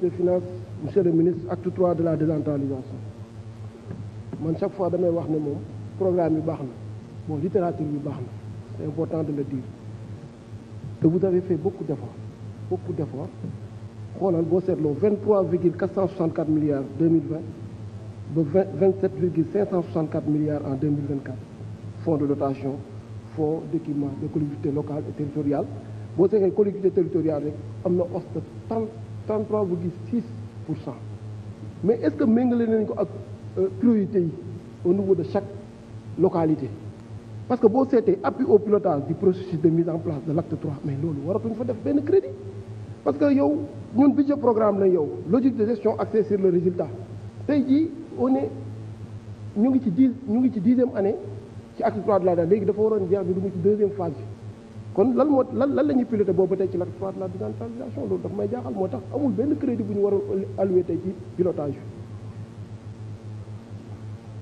de des finances monsieur le ministre acte trois de la décentralisation man chaque fois damay wax ne moom programme yi baax na bon littérature yu baax na c'est important de le dire que vous avez fait beaucoup d'efforts beaucoup d'efforts xoolal boo seetloo 23 virgule 464 milliards 2020 ba 20 27 virgule 564 milliards en 2024 fonds de dotation fonds d'équipement des collectivités locale et territoriales boo seetee collectivités territoriale rek am na os 30 33 virgule 6 pour cent mais est-ce que méngale nañ ko ak euh, priorité yi au niveau de chaque localité parce que boo seetee appui au pilotage du processus de mise en place de l'acte 3 mais loolu waratuñ fa def benn crédit parce que yow ñun budget programme la yow logique de gestion axée sur le résultat tey jii on est ñu ngi ci dix ñu ngi ci dixième année ci acte 3 de la DAR léegi dafa waroon jeex bi du ngi ci deuxième phase bi kon lan moo lan lan la ñuy piloté boobu tey ci la part la décentralisation loolu daf may jaaxal moo tax amul benn crédit bu ñu war a alloué tey ci pilotage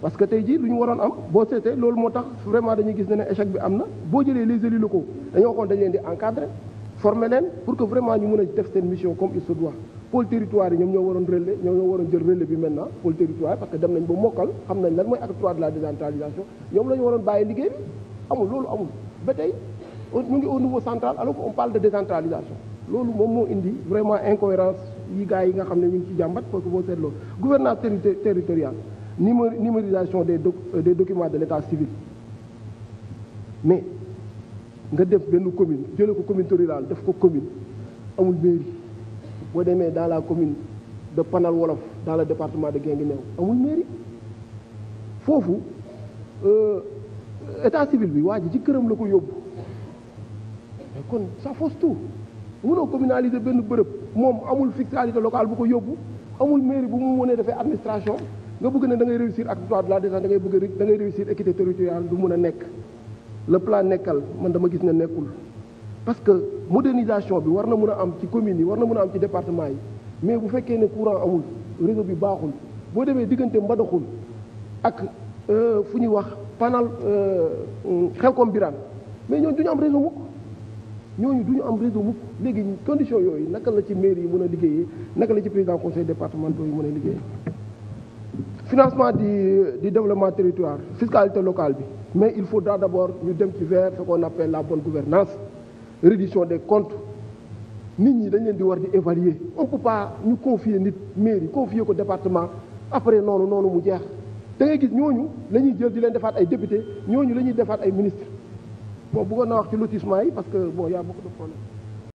parce que tey ji lu ñu waroon am boo seetee loolu moo tax vraiment dañuy gis ne ne échec bi am na boo jëlee les élus locaux dañoo waxoon dañ leen di encadré former pour que vraiment ñu mën a def seen mission comme il se doit pôle territoire yi ñoom ñoo waroon relais ñoom ñoo waroon jël relais bi maintenant pôle territoire parce que dem nañ ba mokkal xam nañ lan mooy acte trois de la décentralisation ñoom la ñu waroon bàyyi liggéey loolu amul ba tey ñu ngi au niveau central alors qu'on parle de décentralisation loolu moom moo indi vraiment incohérence yi gars yi nga xam ne ñu ngi ci jàmbat parce que boo seetloo gouvernance territoriale numérisation des euh, des documents de l'état civil mais nga def benn commune jële ko commune rurale def ko commune amul mairie boo demee dans la commune de Panal Wolof dans le département de Guinguinéo amul mairie foofu euh, état civil bi waa ji ci këram la ko yóbbu Eh, kon ça fausse tout mënoo communaliser benn bërëb moom amul fiscalité locale bu ko yóbbu amul mairie bu mu mënee defee administration nga bëgg ne da ngay réussir ak droit la décence da ngay bëgg da ngay réussir équité territoriale du mën a nekk le plan nekkal man dama gis ne nekkul parce que modernisation bi war na mën a am ci communes yi war na mën a am ci département yi mais bu fekkee ne courant amul réseau bi baaxul boo demee diggante mbadaxul ak euh, fu ñuy wax panal xelkom euh, biraan mais ñooñu du ñu am réseau mukk léegi condition yooyu naka la ci mairie yi mën a liggéeyee naka la ci président conseil départemental yi mën a liggéeyee financement du du développement territoire fiscalité locale bi mais il faut faudra d'abord ñu dem ci vers ce qu'on appelle la bonne gouvernance reddition des comptes nit ñi dañ leen di war di évaluer on peut pas ñu confier nit mairie confier ko département après noonu noonu mu jeex da ngay gis ñooñu lañuy jël di leen defaat ay député ñooñu la ñuy defaat ay ministre bon bëggoon na wax ci lotissement yi parce que bon y a beaucoup